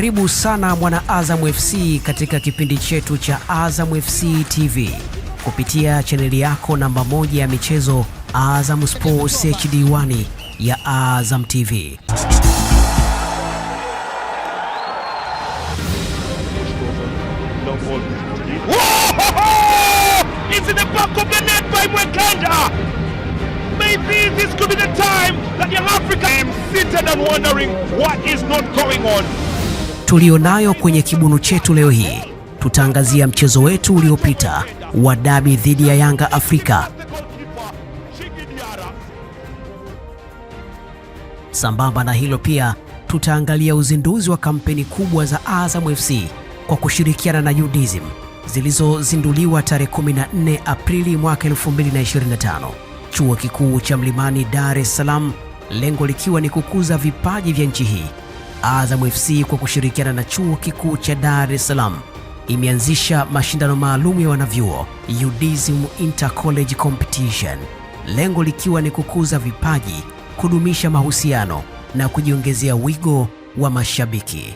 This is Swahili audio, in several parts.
Karibu sana mwana Azam FC katika kipindi chetu cha Azam FC TV kupitia chaneli yako namba moja ya michezo Azam Sports HD1 ya Azam TV. this could be the time that wondering what is not going on tulionayo kwenye kibunu chetu leo hii, tutaangazia mchezo wetu uliopita wa dabi dhidi ya Yanga Afrika Sambamba na hilo pia tutaangalia uzinduzi wa kampeni kubwa za Azam FC kwa kushirikiana na UDSM zilizozinduliwa tarehe 14 Aprili mwaka 2025 Chuo Kikuu cha Mlimani Dar es Salaam, lengo likiwa ni kukuza vipaji vya nchi hii Azam FC kwa kushirikiana na Chuo Kikuu cha Dar es Salaam imeanzisha mashindano maalum ya wanavyuo UDSM Intercollege Competition, lengo likiwa ni kukuza vipaji, kudumisha mahusiano na kujiongezea wigo wa mashabiki.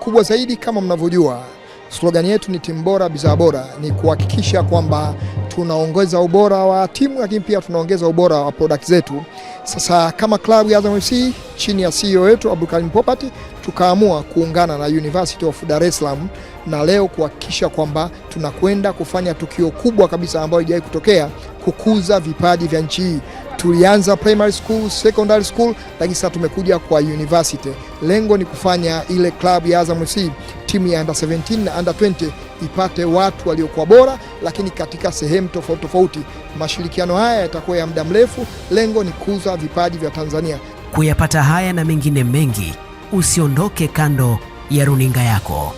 Kubwa zaidi, kama mnavyojua, slogani yetu ni timu bora, bidhaa bora, ni kuhakikisha kwamba tunaongeza ubora wa timu, lakini pia tunaongeza ubora wa product zetu sasa kama klabu ya Azam FC chini ya CEO wetu Abdulkarim Popati tukaamua kuungana na University of Dar es Salaam na leo kuhakikisha kwamba tunakwenda kufanya tukio kubwa kabisa ambayo haijawahi kutokea, kukuza vipaji vya nchi hii. Tulianza primary school, secondary school, lakini sasa tumekuja kwa university. Lengo ni kufanya ile klabu ya Azam FC timu ya under 17 na under 20 ipate watu waliokuwa bora, lakini katika sehemu tofauti tofauti. Mashirikiano haya yatakuwa ya muda mrefu, lengo ni kuuza vipaji vya Tanzania. Kuyapata haya na mengine mengi, usiondoke kando ya runinga yako.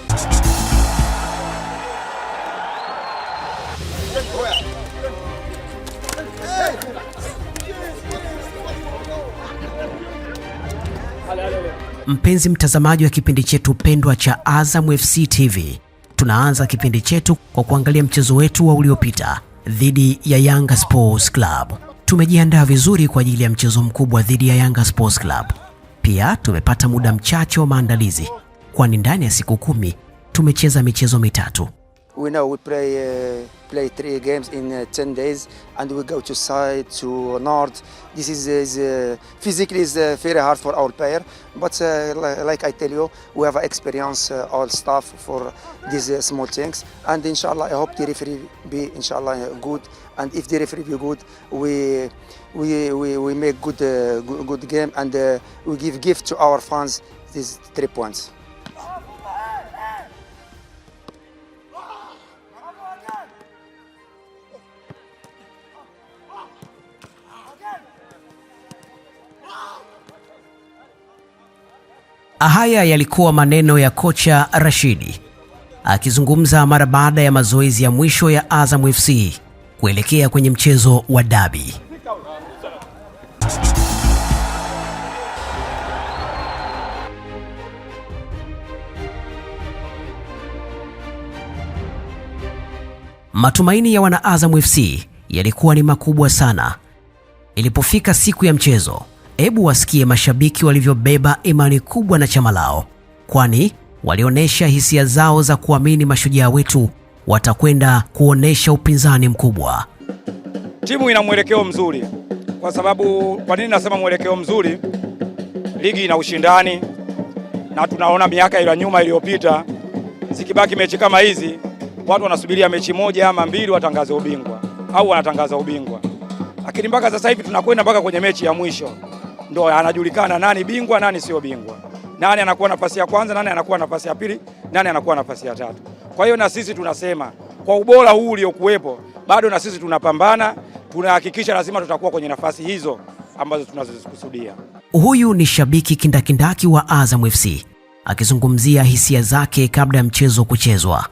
Mpenzi mtazamaji wa kipindi chetu pendwa cha Azam FC TV, tunaanza kipindi chetu kwa kuangalia mchezo wetu wa uliopita dhidi ya Yanga Sports Club. Tumejiandaa vizuri kwa ajili ya mchezo mkubwa dhidi ya Yanga Sports Club. Pia tumepata muda mchache wa maandalizi, kwani ndani ya siku kumi tumecheza michezo mitatu. We know we play, uh, play three games in uh, 10 days and we go to side, to north. This is, is uh, physically is uh, very hard for our player, but uh, like I tell you, we have experience uh, all staff for these small things. And inshallah, I hope the referee be inshallah good. And if the referee be good, we we we, we make good, good, good game and we give gift to our fans these three points. Haya yalikuwa maneno ya kocha Rashidi akizungumza mara baada ya mazoezi ya mwisho ya Azam FC kuelekea kwenye mchezo wa dabi. Matumaini ya wana Azam FC yalikuwa ni makubwa sana ilipofika siku ya mchezo. Hebu wasikie mashabiki walivyobeba imani kubwa na chama lao, kwani walionyesha hisia zao za kuamini mashujaa wetu watakwenda kuonesha upinzani mkubwa. Timu ina mwelekeo mzuri kwa sababu, kwa nini nasema mwelekeo mzuri? Ligi ina ushindani na tunaona miaka ya nyuma iliyopita, zikibaki mechi kama hizi, watu wanasubiria mechi moja ama mbili watangaze ubingwa au wanatangaza ubingwa, lakini mpaka sasa hivi tunakwenda mpaka kwenye mechi ya mwisho ndo anajulikana nani bingwa, nani sio bingwa, nani anakuwa nafasi ya kwanza, nani anakuwa nafasi ya pili, nani anakuwa nafasi ya tatu. Kwa hiyo na sisi tunasema kwa ubora huu uliokuwepo, bado na sisi tunapambana, tunahakikisha lazima tutakuwa kwenye nafasi hizo ambazo tunazozikusudia. Huyu ni shabiki kindakindaki wa Azam FC akizungumzia hisia zake kabla ya mchezo kuchezwa.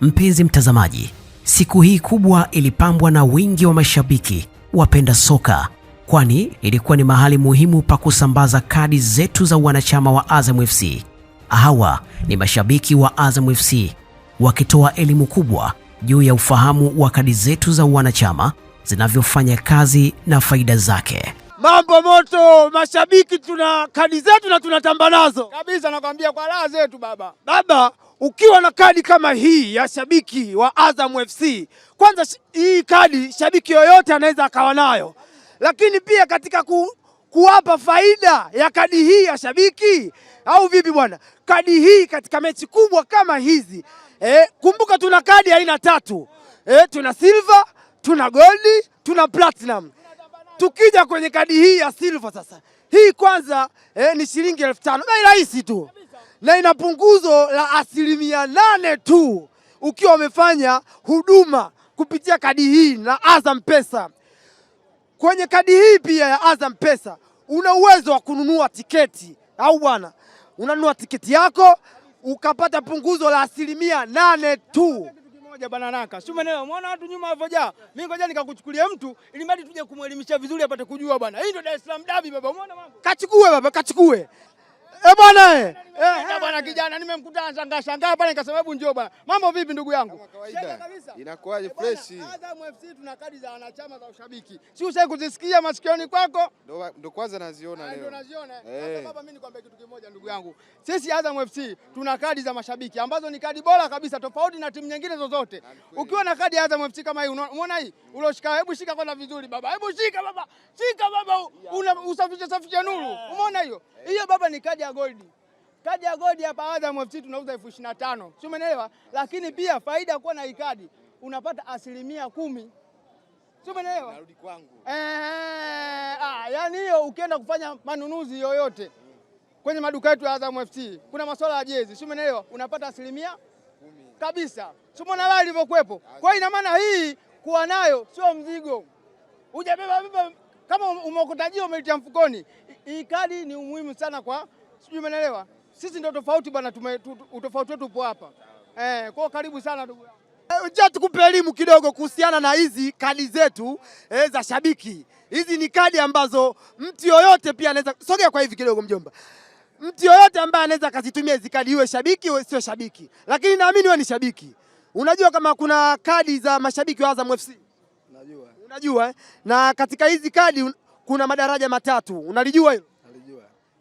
Mpenzi mtazamaji, siku hii kubwa ilipambwa na wingi wa mashabiki wapenda soka kwani ilikuwa ni mahali muhimu pa kusambaza kadi zetu za wanachama wa Azam FC. Hawa ni mashabiki wa Azam FC wakitoa elimu kubwa juu ya ufahamu wa kadi zetu za wanachama zinavyofanya kazi na faida zake. Mambo moto, mashabiki, tuna kadi zetu na tunatamba nazo kabisa, nakwambia kwa raha zetu baba. Baba, ukiwa na kadi kama hii ya shabiki wa Azam FC, kwanza hii kadi shabiki yoyote anaweza akawa nayo lakini pia katika ku, kuwapa faida ya kadi hii ya shabiki au vipi bwana? Kadi hii katika mechi kubwa kama hizi eh, kumbuka tuna kadi aina tatu eh, tuna silver, tuna gold, tuna platinum. Tukija kwenye kadi hii ya silver sasa, hii kwanza eh, ni shilingi elfu tano bei rahisi tu na ina punguzo la asilimia nane tu ukiwa umefanya huduma kupitia kadi hii na Azam Pesa. Kwenye kadi hii pia ya Azam Pesa una uwezo wa kununua tiketi au bwana, unanunua tiketi yako ukapata punguzo la asilimia nane tu moja bana naka. si maneno. Umeona watu nyuma walivyojaa. Mimi ngoja nikakuchukulia mtu ili mradi tuje kumwelimisha vizuri apate kujua bwana. Hii ndio Dar es Salaam Dabi baba. Umeona mambo? Kachukue baba, kachukue. Eh bwana eh. Eh bwana kijana nimemkuta anashangaa shangaa hapa nikasema hebu njoo bwana. Mambo vipi ndugu yangu? Shega Inakuwaje eh, fresh? Azam FC tuna kadi za wanachama za ushabiki. Si ushawahi kuzisikia masikioni kwako? Ndio ndio kwanza naziona ah, leo. Ndio naziona. Eh. Sasa baba mimi nikwambia kitu kimoja ndugu yangu. Sisi Azam FC tuna kadi za mashabiki ambazo ni kadi bora kabisa tofauti na timu nyingine zozote. Ukiwa na kadi ya Azam FC kama hii unaona hii uloshika hebu shika kwanza vizuri baba. Hebu shika baba. Shika baba. Una usafishe safishe nuru. Eh. Umeona hiyo? Hiyo baba ni kadi ya ya gold. Kadi ya gold hapa Azam FC tunauza elfu ishirini na tano, si umeelewa? Lakini pia faida kuwa na ikadi unapata asilimia kumi, si umeelewa? Narudi kwangu. Eee, ah, yani hiyo ukienda kufanya manunuzi yoyote kwenye maduka yetu ya Azam FC kuna masuala ya jezi, si umeelewa? Unapata asilimia kabisa, si umeona la ilivyokuwepo. Kwa hiyo ina maana hii kuwa nayo sio mzigo, hujabeba beba kama umeokotajia umeitia mfukoni. Ikadi ni umuhimu sana kwa sijui umeelewa. Sisi ndio tofauti bwana, utofauti wetu upo hapa eh. Kwao karibu sana ndugu yangu. Eh, njia tukupe elimu kidogo kuhusiana na hizi kadi zetu eh, za shabiki. Hizi ni kadi ambazo mtu yoyote pia anaweza sogea kwa hivi kidogo mjomba, mtu yoyote ambaye anaweza akazitumia hizi kadi, iwe shabiki iwe sio shabiki, lakini naamini wewe ni shabiki. Unajua kama kuna kadi za mashabiki wa Azam FC? Najua. Unajua eh? Na katika hizi kadi kuna madaraja matatu, unalijua hilo?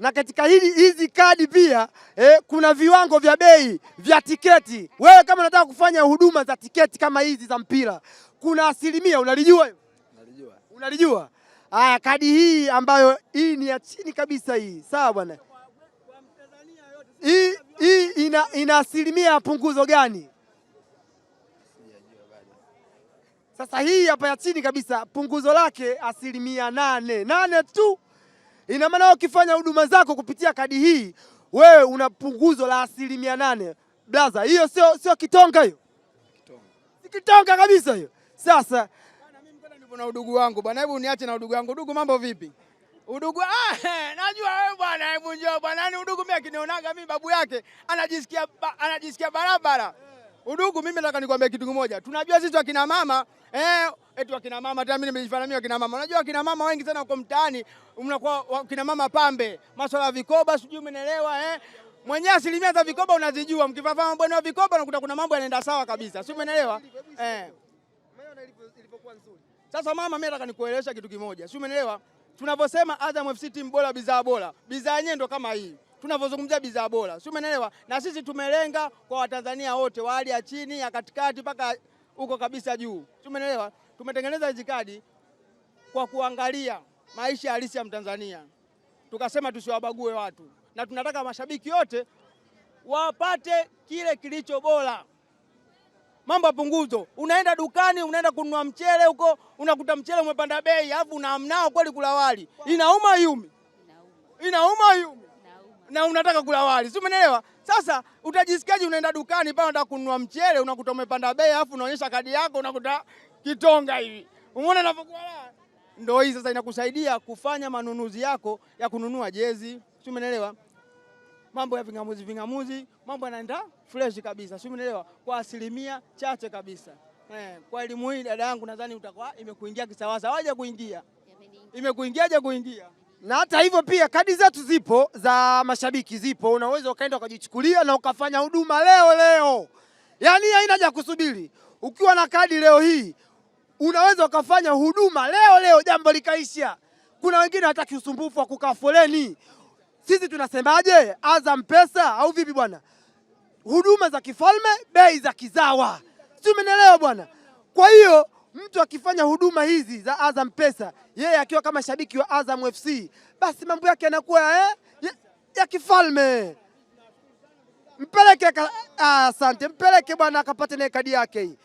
na katika hili hizi kadi pia eh, kuna viwango vya bei vya tiketi. Wewe kama unataka kufanya huduma za tiketi kama hizi za mpira, kuna asilimia unalijua Unalijua. Unalijua. Haya, kadi hii ambayo hii ni ya chini kabisa hii, sawa bwana. Hii hii ina, ina asilimia ya punguzo gani? Sasa hii hapa ya chini kabisa punguzo lake asilimia nane nane tu. Ina maana ukifanya huduma zako kupitia kadi hii wewe una punguzo la asilimia nane. Blaza, hiyo sio sio kitonga hiyo? Kitonga. Kitonga kabisa hiyo. Sasa na udugu wangu bwana, hebu niache na udugu wangu. Udugu mambo vipi? Udugu ah, he, najua wewe bwana, hebu njoo bwana. Yaani udugu mimi akinionaga mimi babu yake anajisikia ba, anajisikia barabara. Udugu, mimi nataka nikwambie kitu kimoja. Tunajua sisi wakina mama eh, eti wakina mama tena, mimi nimejifanya mimi wakina mama. Unajua wakina mama wengi sana huko mtaani mnakuwa wakina mama pambe. Masuala ya vikoba sijui umeelewa eh? Mwenyewe asilimia za vikoba unazijua. Mkifahamu bwana wa vikoba unakuta kuna mambo yanaenda sawa kabisa. Sio umeelewa? Eh. Sasa mama, mimi nataka nikuelewesha kitu kimoja. Sio umeelewa? Tunavyosema Azam FC timu bora bidhaa bora. Bidhaa yenyewe ndo kama hii tunavyozungumzia bidhaa bora, si umeelewa? Na sisi tumelenga kwa Watanzania wote wa hali ya chini ya katikati mpaka huko kabisa juu, si umeelewa? Tumetengeneza hizi kadi kwa kuangalia maisha halisi ya Mtanzania, tukasema tusiwabague watu, na tunataka mashabiki yote wapate kile kilicho bora mambo ya punguzo. Unaenda dukani, unaenda kununua mchele huko, unakuta mchele umepanda bei, alafu unaamnao kweli kula wali. Inauma yumi, inauma yumi na unataka kula wali, si umeelewa? Sasa utajisikiaje? Unaenda dukani pale unataka kununua mchele, unakuta umepanda bei, afu unaonyesha kadi yako, unakuta kitonga hivi. Umeona inavyokuwa la ndio hii sasa, inakusaidia kufanya manunuzi yako ya kununua jezi, si umeelewa? Mambo ya vingamuzi vingamuzi, mambo yanaenda fresh kabisa, si umeelewa? Kwa asilimia chache kabisa. Eh, kwa elimu hii dada yangu, nadhani utakuwa imekuingia kisawasa, Waje kuingia imekuingia, je kuingia na hata hivyo pia kadi zetu zipo za mashabiki zipo, unaweza ukaenda ukajichukulia na ukafanya huduma leo leo, yaani haina ya kusubiri. Ukiwa na kadi leo hii unaweza ukafanya huduma leo leo, jambo likaisha. Kuna wengine hataki usumbufu wa kukaa foleni. Sisi tunasemaje? Azam Pesa au vipi bwana? Huduma za kifalme, bei za kizawa, si bwana? Kwa hiyo mtu akifanya huduma hizi za Azam Pesa yeye akiwa kama shabiki wa Azam FC, basi mambo yake yanakuwa eh, ya, ya kifalme. Mpeleke ah, asante, ah, mpeleke bwana akapate naye kadi yake hii.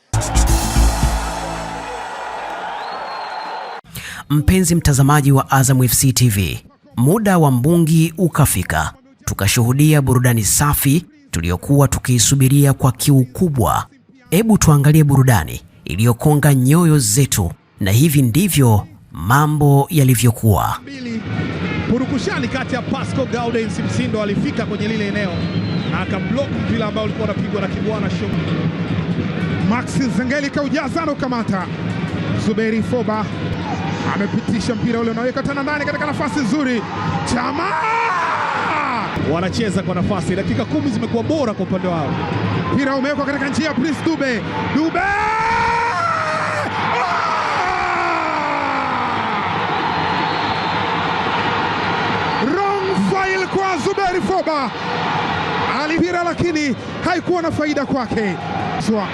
Mpenzi mtazamaji wa Azam FC TV, muda wa mbungi ukafika, tukashuhudia burudani safi tuliyokuwa tukiisubiria kwa kiu kubwa. Hebu tuangalie burudani iliyokonga nyoyo zetu, na hivi ndivyo mambo yalivyokuwa. Purukushani kati ya Pasco Gaudens Msindo alifika kwenye lile eneo na akablock mpira ambao ulikuwa unapigwa na Kibwana sho maxi Zengeli kaujaza na ukamata. Zuberi Foba amepitisha mpira ule unaweka tena ndani katika nafasi nzuri. Chama wanacheza kwa nafasi, dakika kumi zimekuwa bora kwa upande wao. Mpira umewekwa katika njia ya Prince Dube. Dube Zuberi Foba alipira lakini haikuwa na faida kwake. Zwa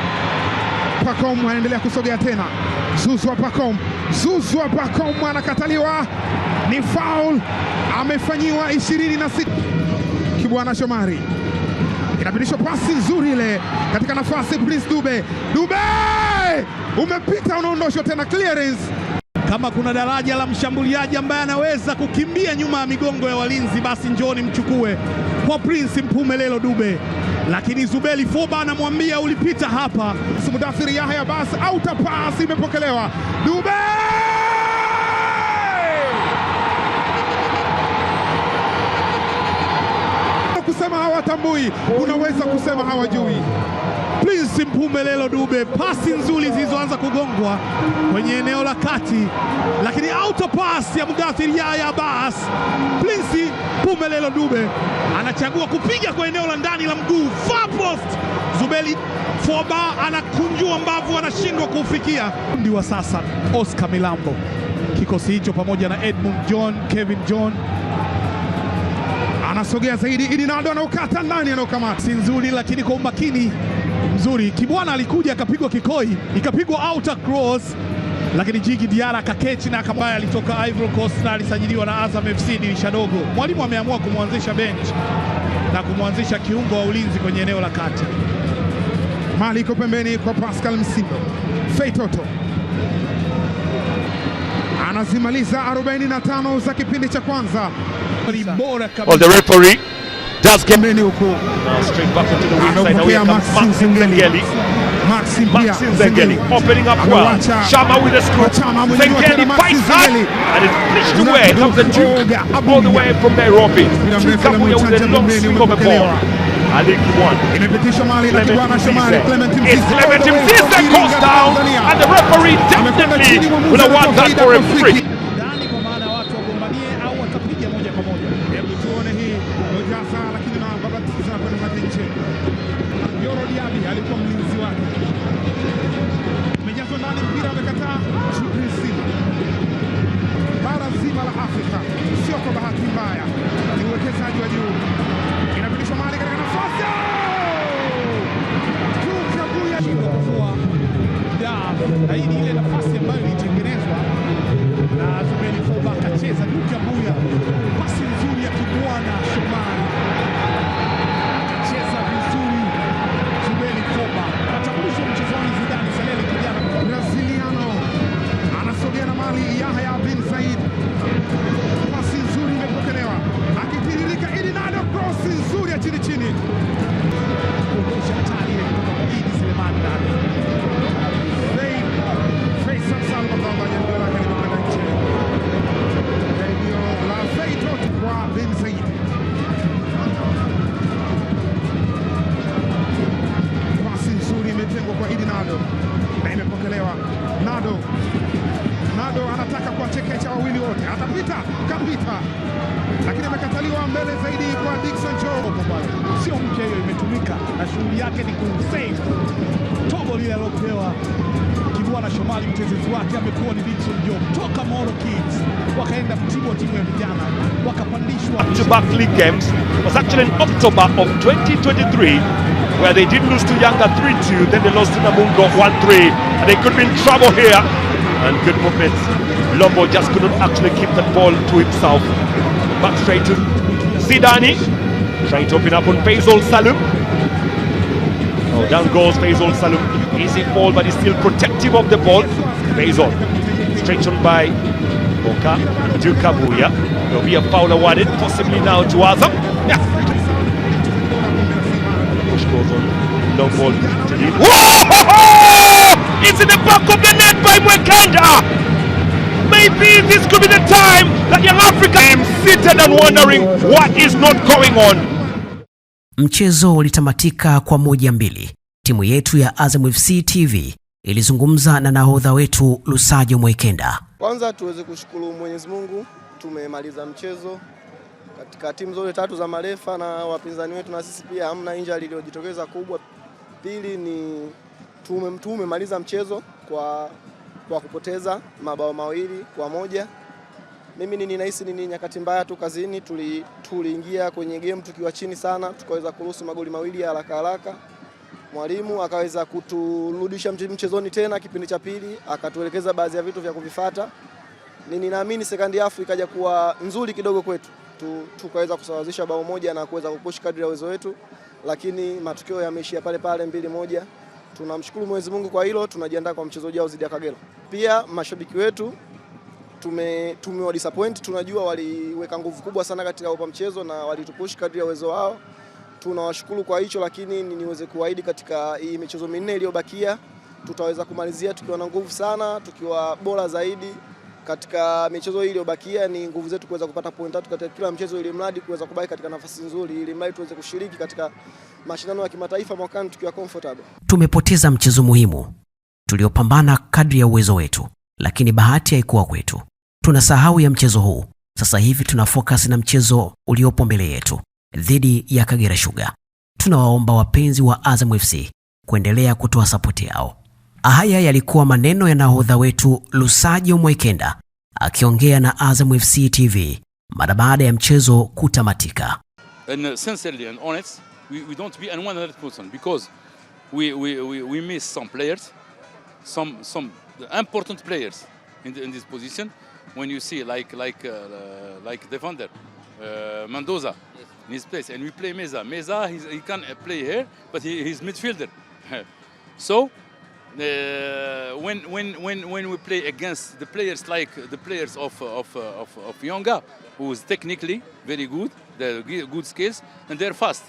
Pacom anaendelea kusogea tena, Zuzwa Pacom, Zuzwa Pacom anakataliwa, ni foul amefanyiwa ishirini na sita. Kibwana Shomari inapitishwa pasi nzuri ile katika nafasi, Prince Dube, Dube umepita unaondoshwa tena, clearance kama kuna daraja la mshambuliaji ambaye anaweza kukimbia nyuma ya migongo ya walinzi, basi njoni mchukue kwa Prince Mpumelelo Dube. Lakini Zubeli Foba anamwambia ulipita hapa. Mudathiri Yahya Bas autapasi imepokelewa Dube kusema hawatambui, unaweza kusema hawajui. Prince lelo Dube, pasi nzuri zilizoanza kugongwa kwenye eneo la kati, lakini auto pass ya Mudathir Yahya Abbas. Prince lelo Dube anachagua kupiga kwa eneo la ndani la mguu, far post. Zubeli Foba anakunjua mbavu, anashindwa kuufikia. Ndi wa sasa Oscar Milambo, kikosi hicho pamoja na Edmund John, Kevin John anasogea zaidi, Idinado anaukata ndani, anaukamata si nzuri, lakini kwa umakini mzuri. Kibwana alikuja akapigwa kikoi, ikapigwa outer cross, lakini Jigi Diara akakechi na akambaye alitoka Ivory Coast na alisajiliwa na Azam FC dirisha dogo. Mwalimu ameamua kumwanzisha bench na kumwanzisha kiungo wa ulinzi kwenye eneo la kati. Mali iko pembeni kwa Pascal Msindo. Feitoto anazimaliza 45 za kipindi cha kwanza. Well, the referee Pembeni huko amekuja Maxim Zengeli. Maxim Zengeli opening up well. Shama with a scoop. Zengeli bites up and it's pushed away. Comes the Duke all the way from Nairobi. Kabuya with a long swing of a ball. Imepitishwa mali na Kibwana Shomari Clement Mzize goes down and the referee definitely will award that for a free. sababu yake ni kumsave tobo lile alilopewa Kivuana Shomali. mtetezi wake amekuwa ni Dickson Job toka Moro Kids, wakaenda Mtibwa, timu ya vijana wakapandishwa. to back league games was actually in October of 2023 where they did lose to Yanga 3-2 then they lost to Namungo 1-3 and they could be in trouble here and good movements Lombo just couldn't actually keep that ball to himself. Back straight to Zidani, trying to open up on Faisal Salum. Oh, down goes Faisal Salum. Easy ball, but he's still protective of the ball. Faisal, stretched on by Boka and Dukabuya. There'll be a foul awarded, possibly now to Azam. Yeah. Push goes on, long ball to Whoa! It's in the back of the net by Wakanda. Maybe this could be the time that young Africa am seated and wondering what is not going on. Mchezo ulitamatika kwa moja mbili. Timu yetu ya Azam FC TV ilizungumza na nahodha wetu Lusajo Mwekenda. Kwanza tuweze kushukuru Mwenyezi Mungu, tumemaliza mchezo katika timu zote tatu za marefa na wapinzani wetu na sisi pia, hamna injury iliyojitokeza kubwa. Pili ni tumemaliza mchezo kwa, kwa kupoteza mabao mawili kwa moja mimi ni ninahisi ni nyakati mbaya tu kazini, tuliingia tuli kwenye game tukiwa chini sana, tukaweza kuruhusu magoli mawili ya haraka haraka. Mwalimu akaweza kuturudisha mchezoni tena kipindi cha pili, akatuelekeza baadhi ya vitu vya kuvifata. Ninaamini second half ikaja kuwa nzuri kidogo kwetu, tukaweza kusawazisha bao moja na kuweza kupush kadri ya uwezo wetu, lakini matokeo yameishia pale pale mbili moja. Tunamshukuru Mwenyezi Mungu kwa hilo, tunajiandaa kwa mchezo ujao dhidi ya Kagera. Pia mashabiki wetu tume disappoint. Tunajua waliweka nguvu kubwa sana katika upa mchezo na walitupush kadri ya uwezo wao, tunawashukuru kwa hicho, lakini niweze kuahidi katika hii michezo minne iliyobakia tutaweza kumalizia tukiwa na nguvu sana, tukiwa bora zaidi katika michezo hii iliyobakia. Ni nguvu zetu kuweza kupata point tatu katika kila mchezo, ili mradi kuweza kubaki katika nafasi nzuri, ili mradi tuweze kushiriki katika mashindano ya kimataifa mwakani tukiwa comfortable. Tumepoteza mchezo muhimu tuliopambana kadri ya uwezo wetu, lakini bahati haikuwa kwetu tunasahau ya mchezo huu. Sasa hivi tuna focus na mchezo uliopo mbele yetu dhidi ya Kagera Sugar. Tunawaomba wapenzi wa Azam FC kuendelea kutoa sapoti yao. Haya yalikuwa maneno ya nahodha wetu Lusajo Mwekenda akiongea na Azam FC TV mara baada ya mchezo kutamatika. And, uh, sincerely and honest, we, we don't be and 100% because we, we, we, we miss some players, some, some important players in, the, in this position. when you see like like uh, uh like defender uh, Mendoza yes. in his place, and we play Meza. Meza he can uh, play here, but he, he's midfielder. so uh, when when when when we play against the players like the players of of of, of Yonga, who is technically very good, they good skills, and they're fast,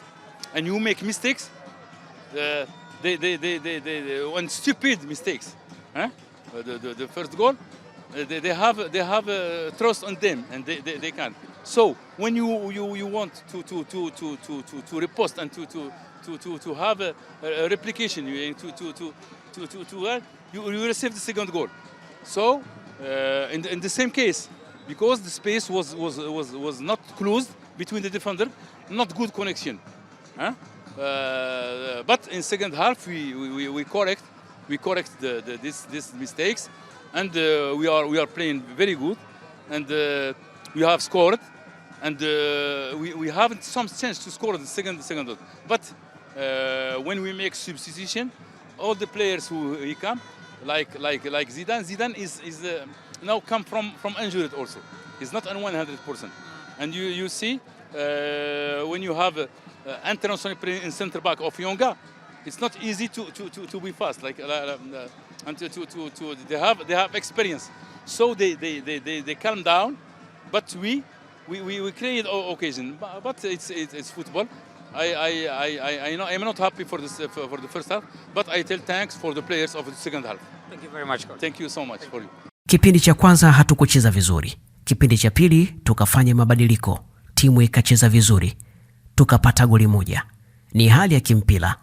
and you make mistakes. Uh, they, they, they, they, they, and stupid mistakes. Huh? Uh, the, the, the first goal, they, they have they have trust on them, and they, they, they, can. So when you, you, you want to to, to, to, to, to, to repost and to to, to, to, to have a, a replication, you to to to to, to, to uh, you, you receive the second goal. So uh, in, in the same case, because the space was was was was not closed between the defender, not good connection. Huh? Uh, but in second half we, we, we correct we correct the, the, this, this mistakes and uh, we are we are playing very good, and uh, we have scored, and uh, we, we haven't some chance to score the second second second. But when we make substitution, all the players who he come, like like like Zidane, Zidane is is now come from from injured also. He's not on 100 percent, and you you see when you have uh, international in center back of Yonga, it's not easy to, to, to, to be fast. Like uh, uh, and to, to, to, to they, have, they have experience. So they, they, they, they, they calm down, but we, we, we, we create all occasion. But it's, it's, it's football. I, I, I, I, I know I'm not happy for, this, for the first half, but I tell thanks for the players of the second half. Thank you very much. Coach. Thank you so much Thank for you. Kipindi cha kwanza hatukucheza vizuri. Kipindi cha pili tukafanya mabadiliko, timu ikacheza vizuri, tukapata goli moja. Ni hali ya kimpira,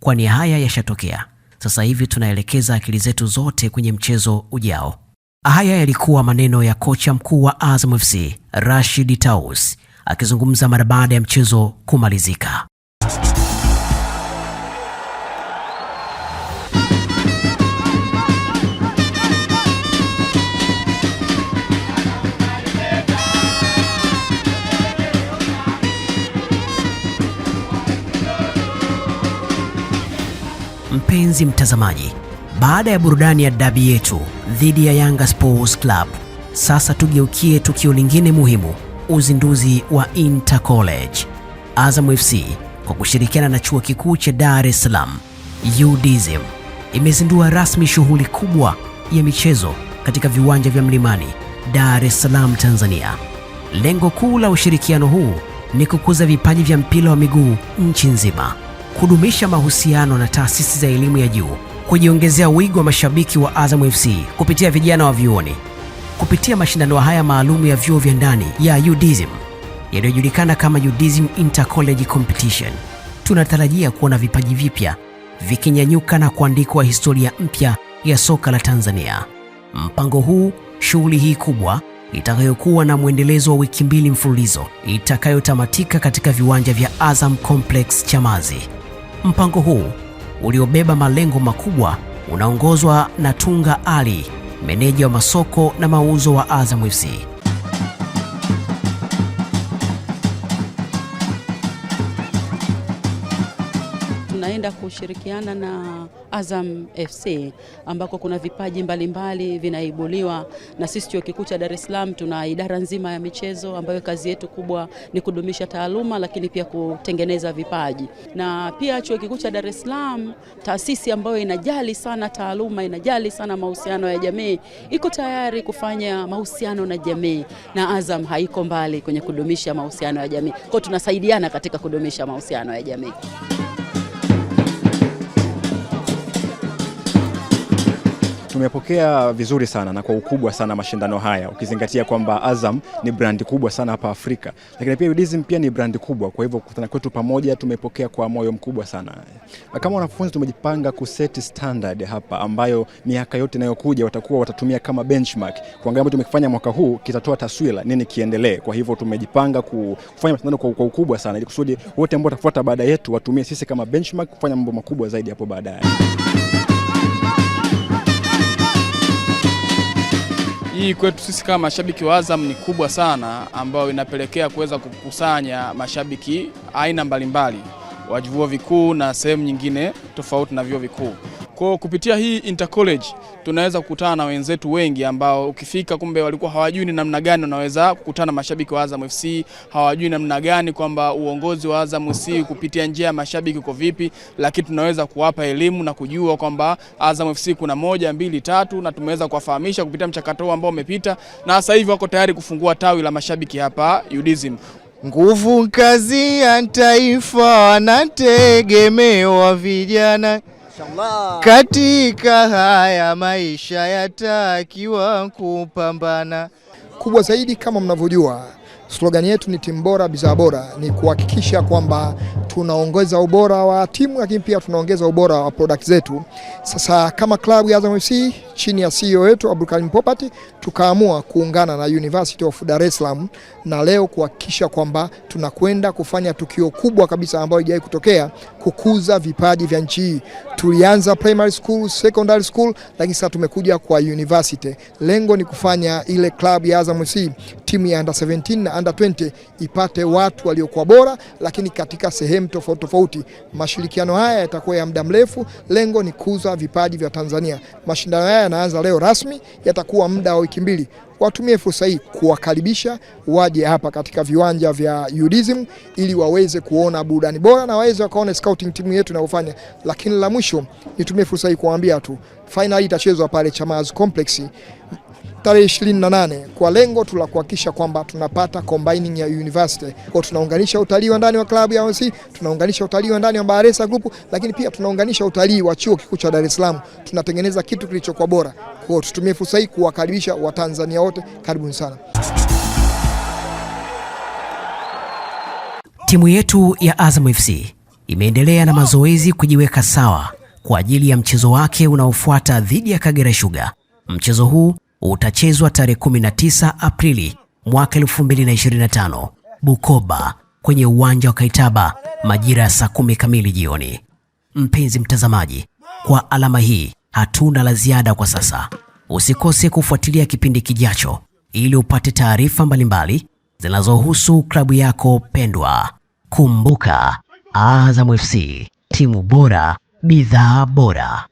kwani haya yashatokea. Sasa hivi tunaelekeza akili zetu zote kwenye mchezo ujao. Haya yalikuwa maneno ya kocha mkuu wa Azam FC Rashid Taus akizungumza mara baada ya mchezo kumalizika. mpenzi mtazamaji, baada ya burudani ya dabi yetu dhidi ya Yanga Sports Club, sasa tugeukie tukio lingine muhimu, uzinduzi wa Inter College. Azam FC kwa kushirikiana na Chuo Kikuu cha Dar es Salaam UDSM imezindua rasmi shughuli kubwa ya michezo katika viwanja vya Mlimani, Dar es Salaam, Tanzania. Lengo kuu la ushirikiano huu ni kukuza vipaji vya mpira wa miguu nchi nzima kudumisha mahusiano na taasisi za elimu ya juu, kujiongezea wigo wa mashabiki wa Azam FC kupitia vijana wa vyuoni, kupitia mashindano haya maalum ya vyuo vya ndani ya UDSM yanayojulikana kama UDSM Intercollege Competition. Tunatarajia kuona vipaji vipya vikinyanyuka na kuandikwa historia mpya ya soka la Tanzania. Mpango huu, shughuli hii kubwa itakayokuwa na mwendelezo wa wiki mbili mfululizo itakayotamatika katika viwanja vya Azam Complex Chamazi. Mpango huu uliobeba malengo makubwa unaongozwa na Tunga Ali, meneja wa masoko na mauzo wa Azam FC. tunaenda kushirikiana na Azam FC ambako kuna vipaji mbalimbali vinaibuliwa, na sisi chuo kikuu cha Dar es Salaam tuna idara nzima ya michezo ambayo kazi yetu kubwa ni kudumisha taaluma, lakini pia kutengeneza vipaji. Na pia chuo kikuu cha Dar es Salaam, taasisi ambayo inajali sana taaluma, inajali sana mahusiano ya jamii, iko tayari kufanya mahusiano na jamii, na Azam haiko mbali kwenye kudumisha mahusiano ya jamii. Kwa hiyo tunasaidiana katika kudumisha mahusiano ya jamii. Tumepokea vizuri sana na kwa ukubwa sana mashindano haya, ukizingatia kwamba Azam ni brandi kubwa sana hapa Afrika, lakini pia UDSM pia ni brandi kubwa. Kwa hivyo kukutana kwetu pamoja tumepokea kwa moyo mkubwa sana. Kama wanafunzi tumejipanga kuseti standard hapa, ambayo miaka yote inayokuja watakuwa watatumia kama benchmark, kuangalia ambacho tumekifanya mwaka huu kitatoa taswira nini kiendelee. Kwa hivyo tumejipanga kufanya mashindano kwa ukubwa sana, ili kusudi wote ambao watafuata baada yetu watumie sisi kama benchmark kufanya mambo makubwa zaidi hapo baadaye. hii kwetu sisi kama mashabiki wa Azam ni kubwa sana, ambayo inapelekea kuweza kukusanya mashabiki aina mbalimbali wa vyuo vikuu na sehemu nyingine tofauti na vyuo vikuu. Kwa kupitia hii intercollege tunaweza kukutana na wenzetu wengi ambao ukifika kumbe walikuwa hawajui ni namna gani wanaweza kukutana mashabiki wa Azam FC, hawajui namna gani kwamba uongozi wa Azam FC kupitia njia ya mashabiki uko vipi, lakini tunaweza kuwapa elimu na kujua kwamba Azam FC kuna moja, mbili, tatu na tumeweza kuwafahamisha kupitia mchakato huu ambao umepita, na sasa hivi wako tayari kufungua tawi la mashabiki hapa UDSM. Nguvu kazi ya taifa, wanategemewa vijana katika haya maisha yatakiwa kupambana kubwa zaidi. Kama mnavyojua slogan yetu ni timu bora, bidhaa bora, ni kuhakikisha kwamba tunaongeza ubora wa timu, lakini pia tunaongeza ubora wa product zetu. Sasa kama klabu ya Azam FC chini ya CEO wetu Abdulkarim Popat, tukaamua kuungana na University of Dar es Salaam na leo kuhakikisha kwamba tunakwenda kufanya tukio kubwa kabisa ambayo haijawahi kutokea kukuza vipaji vya nchi hii. Tulianza primary school, secondary school, lakini sasa tumekuja kwa university. Lengo ni kufanya ile klabu ya Azam FC timu ya under 17 na under 20 ipate watu waliokuwa bora, lakini katika sehemu tofauti tofauti. Mashirikiano haya yatakuwa ya muda mrefu, lengo ni kuza vipaji vya Tanzania. Mashindano haya yanaanza leo rasmi, yatakuwa muda wa wiki mbili watumie fursa hii kuwakaribisha waje hapa katika viwanja vya UDSM ili waweze kuona burudani bora na waweze wakaone scouting timu yetu inayofanya. Lakini la mwisho, nitumie fursa hii kuwaambia tu fainali itachezwa pale Chamazi Complex tarehe 28 kwa lengo tu la kuhakikisha kwamba tunapata combining ya university. Kwa tunaunganisha utalii wa ndani wa klabu ya OC, tunaunganisha utalii wa ndani wa Baresa Group, lakini pia tunaunganisha utalii wa chuo kikuu cha Dar es Salaam. Tunatengeneza kitu kilichokuwa bora. Kwa tutumie fursa hii kuwakaribisha Watanzania wote, karibuni sana. Timu yetu ya Azam FC imeendelea na mazoezi kujiweka sawa kwa ajili ya mchezo wake unaofuata dhidi ya Kagera Sugar. Mchezo huu utachezwa tarehe 19 Aprili mwaka 2025 Bukoba, kwenye uwanja wa Kaitaba majira ya saa kumi kamili jioni. Mpenzi mtazamaji, kwa alama hii hatuna la ziada kwa sasa. Usikose kufuatilia kipindi kijacho ili upate taarifa mbalimbali zinazohusu klabu yako pendwa. Kumbuka, Azam FC, timu bora, bidhaa bora.